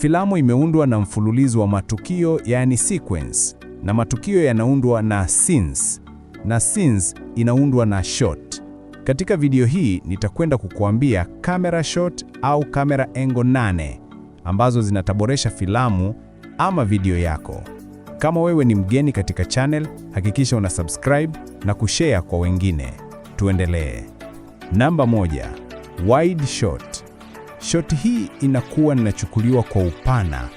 Filamu imeundwa na mfululizo wa matukio yaani sequence, na matukio yanaundwa na scenes, na scenes inaundwa na shot. Katika video hii nitakwenda kukuambia camera shot au camera angle nane ambazo zinataboresha filamu ama video yako. Kama wewe ni mgeni katika channel, hakikisha una subscribe na kushare kwa wengine. Tuendelee. Namba moja, wide shot. Shoti hii inakuwa inachukuliwa kwa upana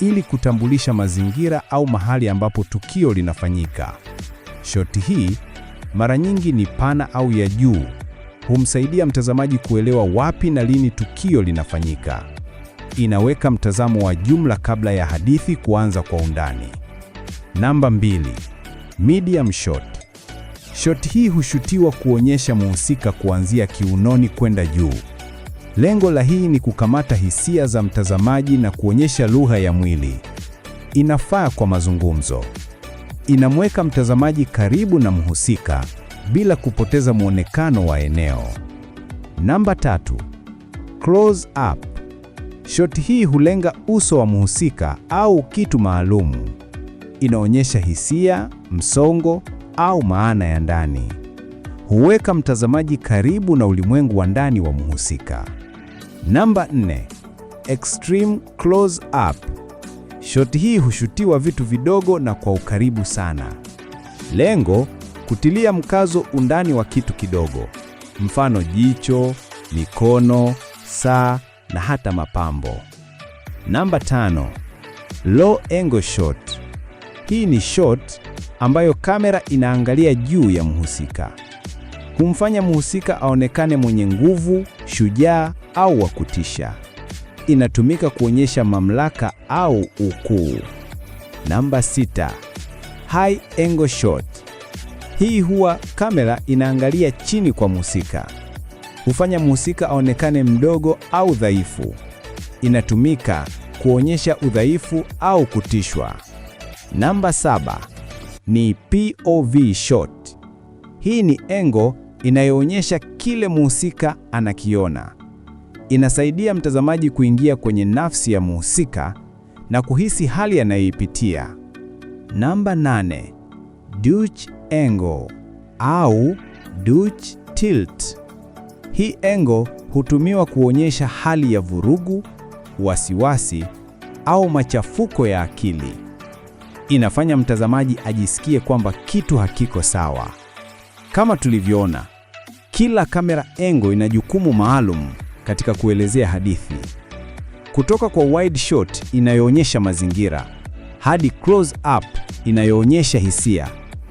ili kutambulisha mazingira au mahali ambapo tukio linafanyika. Shoti hii mara nyingi ni pana au ya juu, humsaidia mtazamaji kuelewa wapi na lini tukio linafanyika. Inaweka mtazamo wa jumla kabla ya hadithi kuanza kwa undani. Namba mbili, medium shot. Shot hii hushutiwa kuonyesha mhusika kuanzia kiunoni kwenda juu. Lengo la hii ni kukamata hisia za mtazamaji na kuonyesha lugha ya mwili. Inafaa kwa mazungumzo. Inamweka mtazamaji karibu na mhusika bila kupoteza mwonekano wa eneo. Namba tatu, close up. Shot hii hulenga uso wa mhusika au kitu maalumu. Inaonyesha hisia, msongo au maana ya ndani. Huweka mtazamaji karibu na ulimwengu wa ndani wa mhusika. Namba 4, extreme close up. Shoti hii hushutiwa vitu vidogo na kwa ukaribu sana. Lengo kutilia mkazo undani wa kitu kidogo, mfano jicho, mikono, saa na hata mapambo. Namba 5, low angle shot. Hii ni shot ambayo kamera inaangalia juu ya mhusika, humfanya mhusika aonekane mwenye nguvu, shujaa au wa kutisha. Inatumika kuonyesha mamlaka au ukuu. Namba sita, high angle shot. Hii huwa kamera inaangalia chini kwa mhusika, hufanya mhusika aonekane mdogo au dhaifu. Inatumika kuonyesha udhaifu au kutishwa. Namba saba ni POV shot. Hii ni engo inayoonyesha kile mhusika anakiona inasaidia mtazamaji kuingia kwenye nafsi ya muhusika na kuhisi hali anayoipitia. Namba nane, Dutch angle au Dutch tilt. Hii angle hutumiwa kuonyesha hali ya vurugu, wasiwasi au machafuko ya akili. Inafanya mtazamaji ajisikie kwamba kitu hakiko sawa. Kama tulivyoona, kila kamera angle ina jukumu maalum katika kuelezea hadithi, kutoka kwa wide shot inayoonyesha mazingira hadi close up inayoonyesha hisia.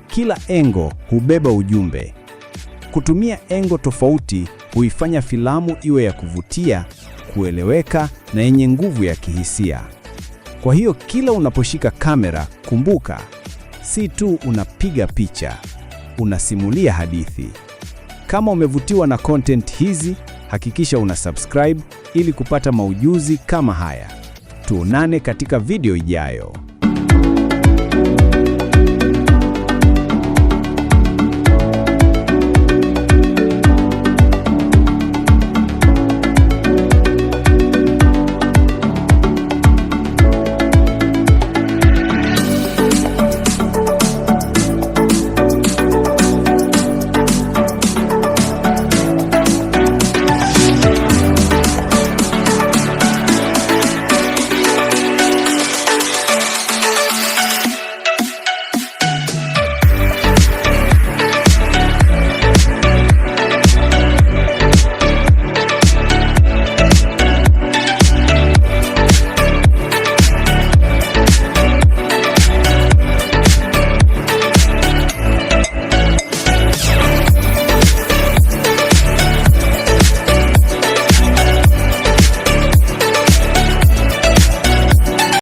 Kila engo hubeba ujumbe. Kutumia engo tofauti huifanya filamu iwe ya kuvutia, kueleweka na yenye nguvu ya kihisia. Kwa hiyo kila unaposhika kamera, kumbuka, si tu unapiga picha, unasimulia hadithi. Kama umevutiwa na content hizi hakikisha una subscribe ili kupata maujuzi kama haya. Tuonane katika video ijayo.